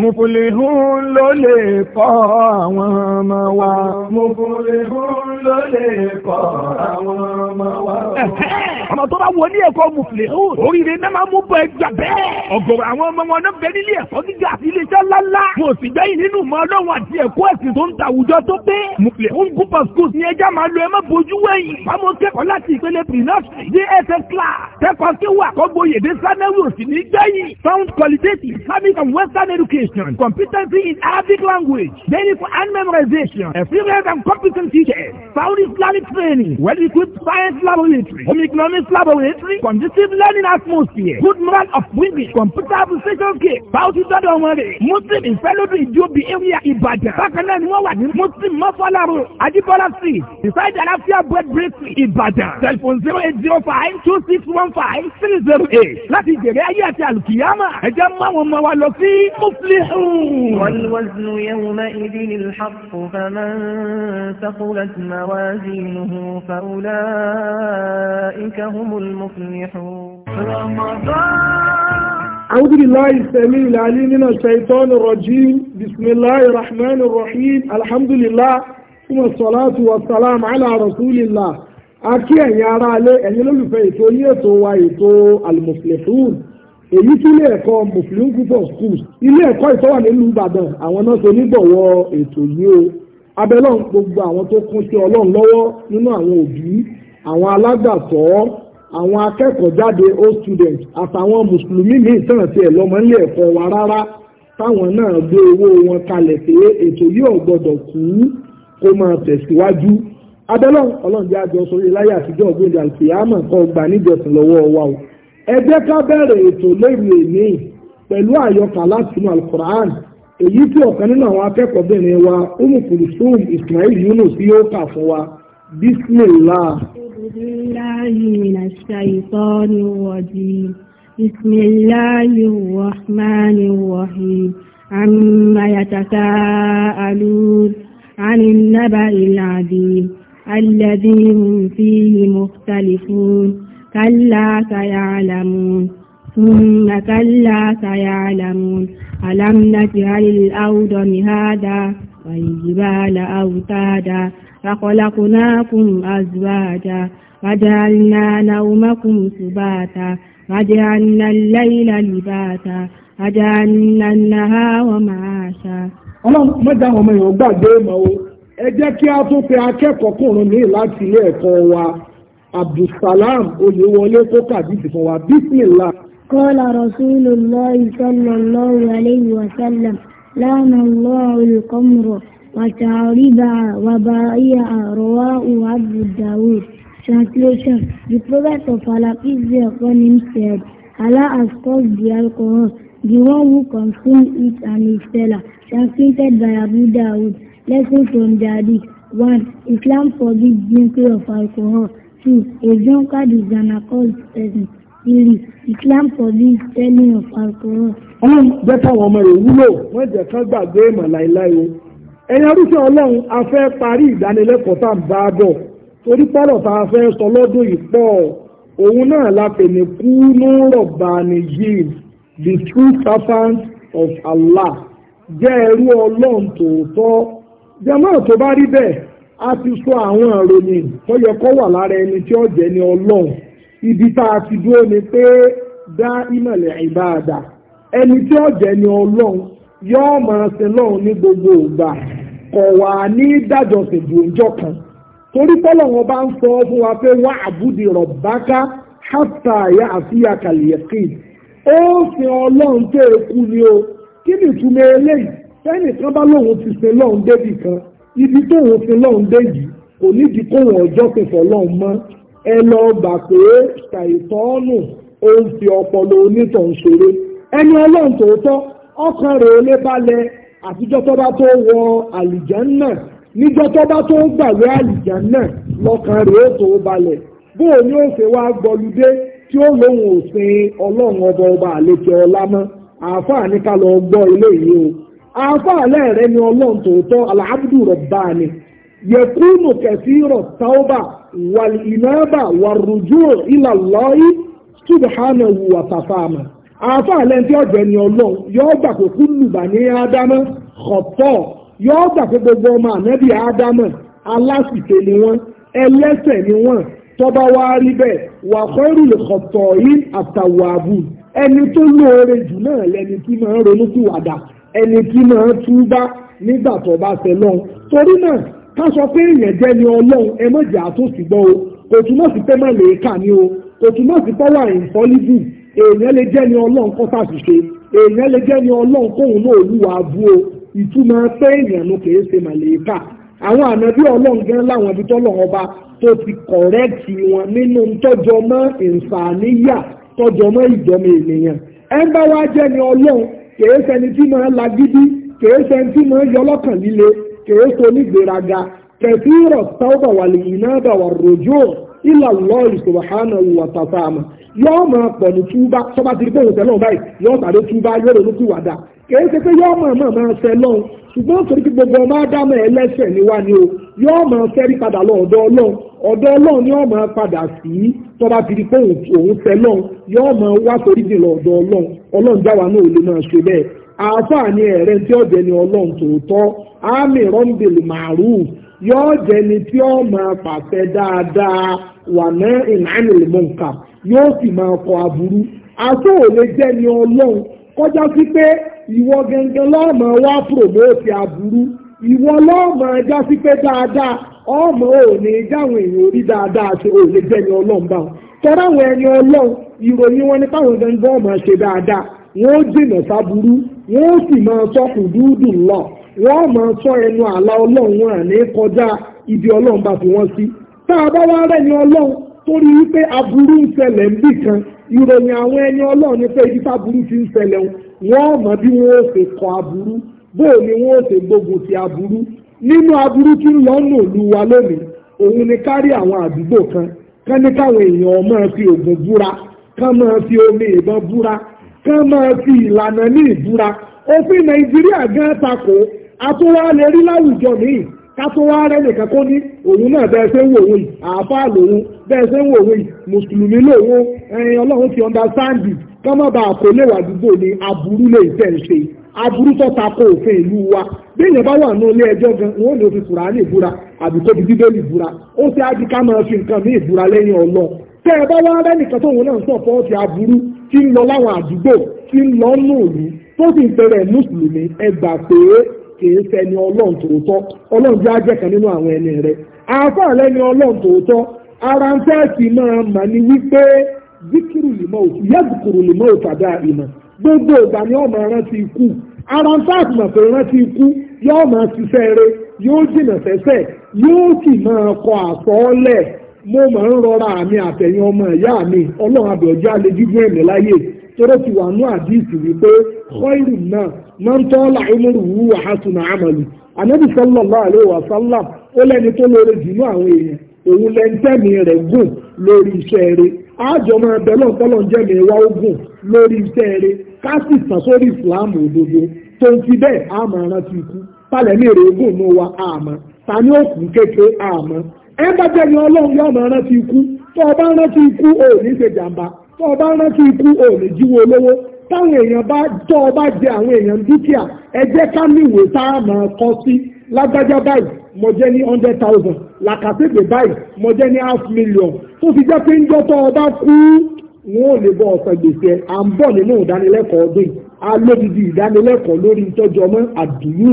Mùfùlìhún ló lè kọ́ àwọn ọmọ wa. Mùfùlìhún ló lè kọ́ àwọn ọmọ wa. ọmọ tó bá wọ ní ẹ̀kọ́ mùsùlùmí oríire náà máa mú bọ ẹgbà bẹ́ẹ̀. ọ̀gọ̀rọ̀ àwọn ọmọ wọn náà bẹ nílé ẹ̀kọ́ gíga àti iléeṣẹ́ ńláńlá. mo sì gbẹ́yìn nínú ìmọ̀ ọlọ́run àti ẹ̀kọ́ ẹ̀sìn tó ń ta àwùjọ tó pé. mùsùlùmí gúpa schools ni ẹja máa lo ẹ bojú wẹ̀yìn. fáwọn kẹ́kọ̀ọ́ láti ìpele pre sound qualitative Islamic and Western education competency in Arabic language learning for memorization experience and competent teachers sound Islamic training, well-equipped science laboratory, home economics laboratory, conducive learning atmosphere, good moral of women, computer application kit, bounty tọ́dọ̀ wọn rẹ̀. Muslim ìfẹ́lódún ìjó bí area Ìbàdàn. Bákan náà ni wọ́n wà ní Muslim Mọ́fọ́lárò Adébọ́lá street beside Àlàáfíà bread bakery Ìbàdàn. Telephone zero eight zero five two six one five three zero eight. Láti jèrè ayé àti àlùkìyámà, ẹ jẹ́ mú àwọn ọmọ wa lọ sí Muflihun. Wal waznu yawma idhin al-haqq faman thaqulat ma موازينه فأولئك هم المفلحون أعوذ بالله السميع العليم من الشيطان الرجيم بسم الله الرحمن الرحيم الحمد لله ثم الصلاة والسلام على رسول الله akí ẹ̀yin ará ilé ẹ̀yin olólùfẹ́ ètò yín ètò wa ètò almuflihun èyí tí ilé ẹ̀kọ́ muflihun group schools ilé ẹ̀kọ́ ìtọ́wà nílùú Ìbàdàn àwọn náà ṣe onígbọ̀wọ́ ètò yìí o abẹ́lọ́n gbogbo àwọn tó kún sí ọlọ́run lọ́wọ́ nínú àwọn òbí àwọn alágbàtọ́ àwọn akẹ́kọ̀ọ́ jáde old students àtàwọn mùsùlùmí míì tàn sí ẹ̀ lọ́mọ nílé ẹ̀kọ́ wa rárá táwọn náà gbé owó wọn kalẹ̀ pé ètò yìí ò gbọ́dọ̀ kú kó máa tẹ̀síwájú abẹ́lọ́n ọlọ́run jẹ́ àjọ sórí láyé àtijọ́ ògbóǹdà àlùfíàmọ̀ kan gbà níjọsìn lọ́wọ́ wa o ẹ jẹ́ ká bẹ̀rẹ̀ ètò lórí èmi pẹ̀lú àyọkà látinú alukur'an èyí tí ọ̀kan nínú àwọn akẹ́kọ̀ọ́bìnrin wa umu kulsum ismail yunus yóò kà fún wa bismillah. billahi minash shaitanir rajim bismillahir rahmanir rahim amma yatasaalun 'anil naba'il 'azim alladhi hum fihi mukhtalifun kalla saya'lamun. ثم كلا سيعلمون ألم نجعل الأرض مهادا والجبال أوتادا فخلقناكم أزواجا وجعلنا نومكم سباتا وجعلنا الليل لباتا وجعلنا النهار معاشا ọlọ́run mẹ́ta ọmọ èèyàn gbàgbé mọ́ o ẹ jẹ́ kí a tún pe akẹ́kọ̀ọ́kùnrin mi láti ilé ẹ̀kọ́ wa Abdulsalam Oyèwọlé kó kàdísì fún wa bísí ńlá قال رسول الله صلى الله عليه وسلم لعن الله القمر وشاربها وبائعها رواه أبو داود Translation The Prophet of Allah, peace be upon him, said, Allah has caused the alcohol, the one who consumes it and his seller. Translated by Abu Dawood. Lesson from the Hadith. 1. Islam forbids drinking of alcohol. 2. A drunkard is an accursed person spirit for this telling of alcohol. ọlọ́run jẹ́ káwọn ọmọ rẹ̀ wúlò wọ́n jẹ́ kán gbàgbé ìmọ̀ láéláé o ẹ̀yin arúgbó ọlọ́run a fẹ́ parí ìdánilẹ́kọ̀ọ́ tá à ń bá a bọ̀ torí pọ́lọ̀ tá a fẹ́ sọ lọ́dún yìí pọ̀ òun náà la pè ní kúnú rọ̀bàní yìí the true servant of Allah jẹ́ ẹrú ọlọ́run tòótọ́ jẹ́mọ́ tó bá rí bẹ́ẹ̀ a ti sọ àwọn àròyìn tó yẹ kó wà lára ẹni tí ó jẹ́ ni ọlọ́run ibi tá a ti dúró ni pé dá ìmọ̀lẹ̀ ìbáadà ẹni tí ó jẹ́ ni ọlọ́run yóò máa sin lọ́run ní gbogbo ìgbà kọ̀ wá ní dájọ́sìn dùnjọ́ kan torí pọ́lọ́wọ́n bá ń sọ fún wa pé wá àbúdì rọ̀báká hátà àyà àfíà kàlìyẹ̀kì ó sin ọlọ́run tó ekú ni o kí ni ìtumọ̀ eléyìí fẹ́nìkan bá lóun ti sin lọ́run débì kan ibi tóun sin lọ́run dé yìí kò nídìí kóun ọjọ́ sin fọ́ lọ́run mọ́ ẹ lọ gbà pé ṣàìtọ́nù ó ń fi ọpọlọ onítàn ṣeré ẹni ọlọ́run tòótọ́ ọkàn rẹ̀ ó lé balẹ̀ àtijọ́ tó bá tó wọ àlìjánná níjọ́ tó bá tó gbàwé àlìjánná lọ́kàn rẹ̀ ó tó balẹ̀ bóò ní òṣè wá gbọlúdé tí ó lóun òsìn ọlọ́run ọba ọba àlejò ọlá mọ́ àáfàá ní ká lọ gbọ́ ilé yìí o àáfàá lẹ́ẹ̀rẹ́ ni ọlọ́run tòótọ́ aláàbùdù rọ̀bà ni yẹkúnù kẹfì rọ̀ táwọ́bà wàlìnàbà wàrùjú ìlàlọ́yì subhanahu wa tafama àáfà lẹ́ntì ọ̀jẹ̀ ni ọlọ́run yóò gbà pé kúlùbà ní ádámọ́ kọ̀tọ́ yóò gbà pé gbogbo ọmọ ànábì ádámọ́ aláṣìṣe ni wọ́n ẹlẹ́ṣẹ̀ ni wọ́n tọ́ba wá rí bẹ́ẹ̀ wà kọ́rù lè yìí àtàwàbù ẹni tó lóore jù náà lẹni tí máa ronú sí wàdà ẹni tí máa ń nígbà tó bá ṣe lọ́hùn torí náà ká sọ pé èèyàn jẹ́ ni ọlọ́run ẹ mọ̀ jẹ́ àtúnṣì gbọ́ o kò túmọ̀ sí pé má lè kà ní o kò túmọ̀ sí pé wà ìfọ́lídù èèyàn lè jẹ́ ni ọlọ́run kó ṣàṣìṣe èèyàn lè jẹ́ ni ọlọ́run kóhun náà olúwa bú o ìtumọ̀ pé èèyàn nu kì í ṣe màlẹ́kà àwọn ànábí ọlọ́run gan láwọn ibi tọ́lọ̀ ọba tó ti kọ̀rẹ́ẹ̀tì wọn nínú tọ́jọ́ mọ́ ìǹfààníyà tọ́jọ́ mọ́ ìjọmọ ènìyàn ẹ bá wá jẹ́ ni ọlọ́run kìí ṣẹni tí máa lagídí kìí ṣẹni tí máa yọlọ́kàn líle kìí ṣe onígbèraga kẹfí rọ̀ tọ́bà wà lè iná bà wà rojọ́ ilà lọ́ọ̀lì subhanahu wa ta'ala yóò máa pọ̀ ní túbá sọ́ba ti rí pé òṣèlú ọ̀bá yìí yóò tàbí túbá yóò ronú sí wàdà kìí ṣe pé yóò máa máa máa ṣe lọ́hùn ṣùgbọ́n torí pé gbogbo ọmọ ádámù ẹlẹ́ṣẹ̀ ni wá ni o yóò máa fẹ́rí padà lọ ọ̀dọ̀ ọlọ́run ọ̀dọ̀ ọlọ́run ni yóò máa padà sí tọ́ba ti rí pé òun ṣe lọ́hùn yóò máa wá torí jìnlọ ọ̀dọ̀ ọlọ́run ọlọ́run jáwa náà ò lè máa ṣe bẹ́ẹ̀ àáfàá ni ẹ̀rẹ́ tí ọ̀jẹ̀ ni ọlọ́run tòótọ́ àmì rọ́ńbìlì màrú yóò jẹni tí ó máa pàṣẹ dáadáa wà ná ìnáìlì mọ̀ǹkà yóò sì máa kọ aburú àtọ́ ò lè jẹni ọlọ́run kọjá sí pé ìwọ gẹ́gẹ́ lọ́ọ̀mọ wá promote aburú ìwọ lọ́ọ̀mọ ẹja sí pé dáadáa ọmọ ò ní jáwọn èèyàn orí dáadáa ṣe ò lè jẹni ọlọ́run báwọn tọ́ra àwọn ẹni ọlọ́run ìròyìn wọn ni káwọn gẹ́gẹ́ ọmọ ṣe dáadáa wọn ó jìnà sáburú wọ́n sì máa sọ kùdúdù lọ wọ́n máa sọ ẹnu àlà ọlọ́run wọn àní kọjá ibi ọlọ́run bá fi wọ́n sí tá a bá wá rẹ̀ ní ọlọ́run torí wípé aburú ń ṣẹlẹ̀ níbì kan ìròyìn àwọn ẹni ọlọ́run ni pé ibi táburú ti ń ṣẹlẹ̀ wọ́n mọ̀ bí wọ́n ó ṣe kọ aburú bóò ni wọ́n ó ṣe gbógun ti aburú nínú aburú tí ń lọ́nà òlu wa lónìí òun ni kárí àwọn àdúgbò kan kán ní káwọn èèyàn máa fi ògùn búra kán máa fi omi ìbọn búra ká máa fi ìlànà ní ìbúra òfin nàìjíríà gan tako àtúwá lè rí láwùjọ míì kátówá rẹ nìkan kó ní òun náà bẹ́ẹ̀ ṣe ń wò wòyí àáfàá lòun bẹ́ẹ̀ ṣe ń wò wòyí mùsùlùmí lòun ẹ̀yin ọlọ́run ti ọ̀ndàstáǹdì kọ́mọ́bà àkọlé wàdúgbò ní aburú lè tẹ̀ ṣe aburú tó ta òfin ìlú wa bí èèyàn bá wà ní ilé ẹjọ́ gan wọn ò ní o fi kùránì ìbúra àbí kó fi bíbélì ìbúra ó ti á di ká máa fi nǹkan ní ìbúra lẹ́yìn ọlọ́run tẹ́ ẹ bá wá rẹ́nìkan tóun náà ti aburú tí ń lọ láwọn àdúgbò tí ń lọ nù òní tó sì ń pẹ̀rẹ̀ mùsùlùmí ẹ gbà pé kìí fẹni ọlọ́run tòótọ́ ọlọ́run nínú àwọn ẹni rẹ àáfàá lẹ́ni ọlọ́run tòótọ́ ara mà ní wípé zikiru àdá ìmọ̀ gbogbo ìgbà ni ọmọ ara ń mà pé yóò jìnà yóò sì máa kọ mo máa ń rọra àmì àtẹ̀yìn ọmọ ẹ̀yà mi ọlọ́run àbẹ̀ọ̀jọ́ alẹ́ gígùn ẹ̀mí láyè tóró ti wà ní àdìsí wípé kọ́ìrù náà máa ń tọ́ làímùrù wú wàhásùnà àmàlù ànábì sallallahu alaihi wa sallam ó lẹ́ni tó àwọn èèyàn òun rẹ̀ gùn lórí iṣẹ́ rẹ̀ máa bẹ̀ wá ogun lórí iṣẹ́ rẹ̀ ká ẹ bá jẹ́ ni ọlọ́run yóò máa rántí ikú tó o bá rántí ikú o ò ní ṣe jàǹbá tó o bá rántí ikú o ò ní jíwó olówó táwọn èèyàn bá tó o bá jẹ àwọn èèyàn dúkìá ẹ jẹ́ ká níwèé tá a máa kọ sí lágbájá báyìí mo jẹ́ ní hundred thousand làkàtúndé báyìí mo jẹ́ ní half million tó fi jẹ́ pé ń jọ́ tó o bá kú wọn ò lè bọ ọ̀sán gbèsè à ń bọ̀ nínú ìdánilẹ́kọ̀ọ́ ọdún yìí alódìdí ìdánilẹ́kọ̀ọ́ lórí ìtọ́jú ọmọ àdúrú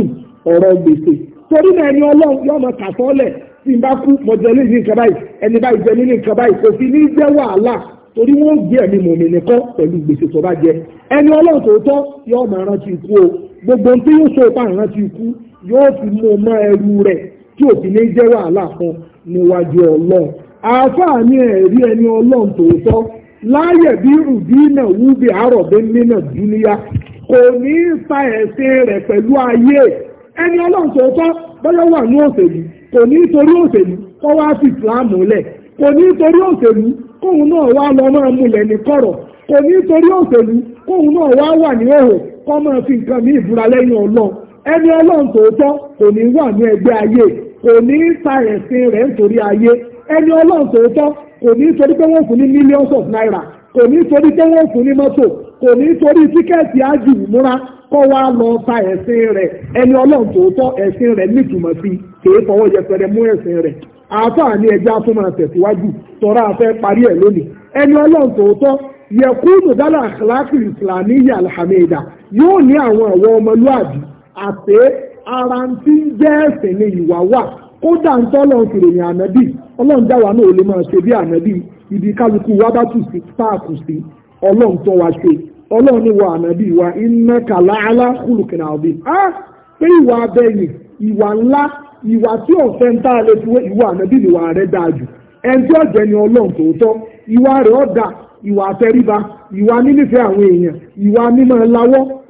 ọ̀rọ̀ gbèsè torí náà ẹni ọlọ́run yóò máa kà sọ́lẹ̀ tí n bá kú mọ̀jẹ̀ ní nǹkan báyìí ẹni báyìí jẹ ní nǹkan báyìí kò fi ní jẹ́ wàhálà torí wọ́n gbé ẹ̀mí mòmí nìkan pẹ̀lú gbèsè tó bá jẹ ẹni ọlọ́run tó tọ́ yóò máa rántí ikú o gbogbo ohun tí yóò so ipa rántí ikú yóò fi mú ọmọ ẹrú rẹ̀ tí òfin ní jẹ́ wàhálà fún níwájú ọlọ́run àáfàá ẹ̀rí ẹni ọlọ́run tòótọ́ láàyè bí rùdínà wúbi àròbí nínà dúníyà kò ní fa ẹ̀sìn rẹ̀ pẹ̀lú ayé ẹni ọlọ́run tòótọ́ bọ́yọ́ wà ní òsèlú kò ní torí òsèlú kọ́ wá sí ìsìláàmù kò ní torí kóhun náà wá lọ máa múlẹ̀ ní kò ní torí kóhun náà wá wà ní kọ́ máa fi nǹkan ní ìbúra lẹ́yìn ẹni kò ní wà ní ẹgbẹ́ ayé kò ní ta ẹ̀sìn rẹ̀ nítorí ayé ẹni kọ́ wá lọ ta ẹ̀sìn rẹ̀ ẹni ọlọ́run tòótọ́ ẹ̀sìn rẹ̀ nítumọ̀ sí kìí fọwọ́ yẹpẹrẹ mú ẹ̀sìn rẹ̀ àáfàá ní ẹjẹ́ afúnmọ̀ tẹ̀síwájú tọ́ra afẹ́ parí ẹ̀ lónìí ẹni ọlọ́run tòótọ́ yẹkúùnù dálà àkàlákì ìsìlámíyà alhamida yóò ní àwọn àwọn ọmọlúàbí àti ara tí ń jẹ́ ẹ̀sìn ní ìwà wà kódà ń tọ́lọ̀ ìròyìn ànábì ọlọ́run ọlọ́run ni wọ ànábì wa iná kàlá aláhùlùkì náà bí a pé ìwà abẹ́yìn ìwà ńlá ìwà tí ọ̀fẹ́ ń tá a lè fi wé ìwà ànábì ìwà rẹ̀ dáa jù ẹnjẹ́ ọ̀jẹ̀ ni ọlọ́run tòótọ́ ìwà rẹ̀ ọ̀dà ìwà àtẹríba ìwà àwọn èèyàn ìwà mímọ́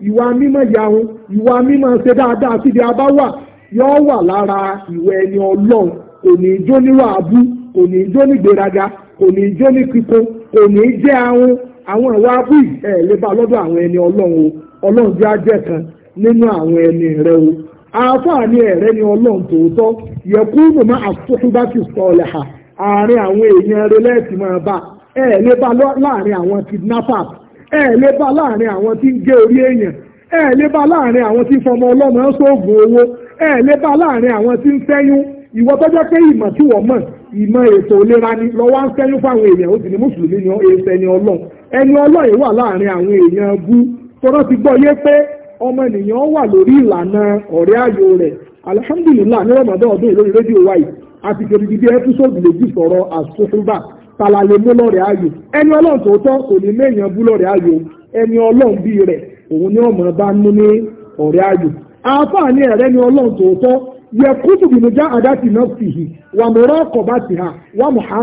ìwà mímọ́ yahun ìwà mímọ́ ṣe dáadáa síbi abáwà yóò wà lára ìwẹ̀ ẹni ọlọ́run kò ní àwọn ìwà abú lè lọ́dọ̀ àwọn ẹni ọlọ́run o ọlọ́run bí ajẹ́ kan nínú àwọn ẹni rẹ o àáfàá ẹ̀rẹ́ ni ọlọ́run tòótọ́ mọ̀mọ́ sọ̀lẹ̀ hà àárín àwọn èèyàn máa bá ẹ̀ lè bá láàrin àwọn kidnappers ẹ̀ lè bá àwọn tí ń gé orí èèyàn ẹ̀ lè bá àwọn tí fọmọ owó ẹni ọlọ́yìn wà láàrin àwọn èèyàn bú tọ́rọ́ ti gbọ́ yé pé ọmọ ènìyàn wà lórí ìlànà ọ̀rẹ́ ayò rẹ̀ alhamdulillah ní ọdún rédíò sọ̀rọ̀ lọ́rẹ̀ ẹni ọlọ́run kò ní bú lọ́rẹ̀ ẹni ọlọ́run rẹ̀ òun ni ọmọ bá ń ní ọ̀rẹ́ ni ọlọ́run yẹ ti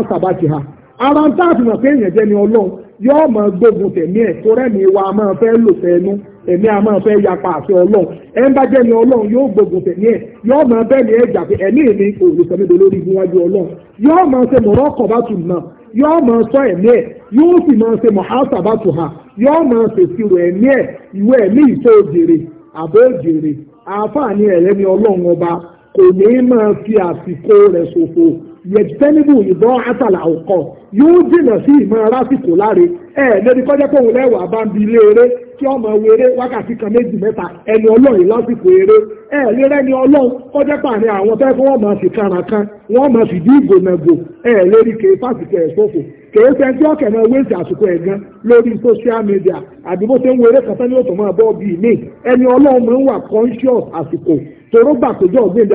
hà ti hà ara ń tá àfihàn pé èèyàn yóò máa gbógun tẹ̀mí ẹ̀ tó rẹ́mi wa máa fẹ́ lò fẹ́nu ẹ̀mí a máa fẹ́ yapa àti ọlọ́run ẹ̀ ń bá jẹ́ ni ọlọ́run yóò gbógun tẹ̀mí ẹ̀ yóò máa bẹ́ẹ̀ ni ẹ̀ jà pé ẹ̀mí mi kò lè sọ níbi olórí igun wájú ọlọ́run yóò máa ṣe mọ̀rọ́ ọkọ̀ bá tù náà yóò máa sọ ẹ̀mí ẹ̀ yóò sì máa ṣe mọ̀háṣà bá tù hà yóò máa ṣèṣirò ẹ̀mí ẹ̀ ìwé ẹ̀mí ìṣó òjèrè àbọ̀ òjèrè àǹfààní ẹ̀rẹ́ ni yẹ̀tẹ́nìbù ìbọn àtàlà ọ̀kọ̀ yóò dènà sí ìmọ̀ rásìkò láre ẹ̀ lórí kọjá pé òun lẹ́wọ̀ bá ń bi ilé eré kí ọmọ wéré wákàtí kan méjì mẹ́ta ẹni ọlọ́run lásìkò eré ẹ̀ lérẹ́ ni ọlọ́run kọjá pàrin àwọn tẹ́ fún wọn máa fi kára kan wọn máa fi dí ìgònàgò ẹ̀ lórí kèé fásitì ẹ̀ ṣòfò kèé fẹ́ tí ọ̀kẹ́ náà wéṣì àsìkò ẹ̀ gan lórí social media àdìbò tó ń wéré kan tán ní òtò máa bọ́ bíi mí ẹni ọlọ́run máa ń wà conscious àsìkò torógbà tó jọ ọ̀gbìn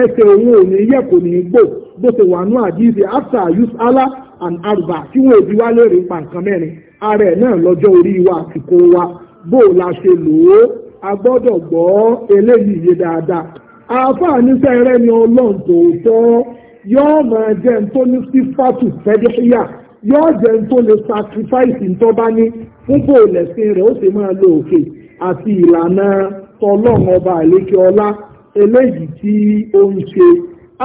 ẹsẹ̀ òun ò ní yẹ kò ní gbò bó ṣe wà ní àdìsí after use allah and arba tí wọn èbí wá lè rí mẹ́rin ara ẹ̀ náà lọ́jọ́ orí wa àsìkò wa bó o la ṣe lò ó a gbọ́dọ̀ gbọ́ eléyìí yé dáadáa àáfàá níṣẹ́ rẹ ni ọlọ́run tòótọ́ yóò máa jẹ́ ń tó ní sífàtù fẹ́díṣíyà yóò jẹ́ ń tó lè sacrifice ń tọ́ba ní fún bó o lẹ̀sìn rẹ̀ ó sì máa lo òkè àti ìlànà tọlọ́run ọba àlékè ọlá eléyìí tí ó ń ṣe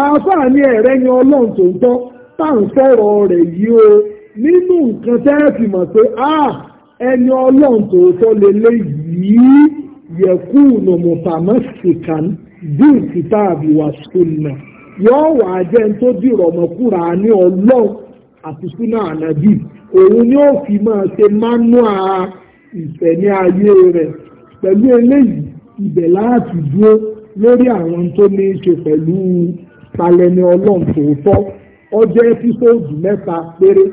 àfààní ẹ̀rẹ́ ni ọlọ́run tó ń tọ́ tá à ń sọ̀rọ̀ rẹ̀ yìí o nínú nǹkan tẹ́ ẹ fi mọ̀ pé ẹni ọlọ́run tó tọ́ leléyìí yẹ̀kú nùmùtàmọ́ sìkàn bí ìfìtà àbíwá sùnà yóò wà jẹ́ tó dìrọ̀ mọ́kúra ní ọlọ́run àti súnà ànábì òun ni ó fi máa ṣe mánúà ìfẹ́ ní ayé rẹ̀ pẹ̀lú eléyìí ibẹ̀ láti dúró. lórí àwọn tó ní í ṣe pẹ̀lú palẹ̀ni ọlọ́run tòótọ́ ọjọ́ ẹ́písòdù mẹ́ta péré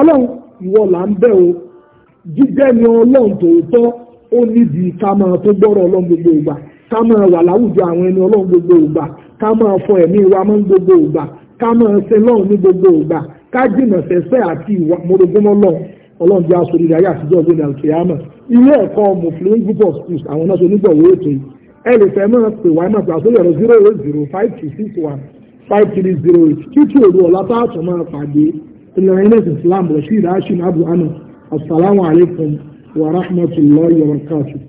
ọlọ́run ìwọ là ń bẹ̀ o jíjẹ́ ni ọlọ́run tòótọ́ ó nídìí ká máa tó gbọ́rọ̀ ọlọ́run gbogbo ìgbà ká máa wà láwùjọ àwọn ẹni gbogbo ìgbà ká máa fọ ẹ̀mí wa mọ́ gbogbo ìgbà ká máa ṣe lọ́run ní gbogbo ìgbà ká jìnà sẹ́sẹ́ àti ìwà ọlọ́run aṣọ àtijọ́ àlùkìyàmọ̀ ilé ẹ lè fẹ́ máa pè wá náà pàṣẹ yọ̀rọ̀ zero eight zero five two six one five three zero eight títí òru ọ̀la táàtù máa pàdé ìlànà ilẹ̀ islam rashid hashim abu hanu asalaamualeykum wa rahmatulahi wa barakatuh.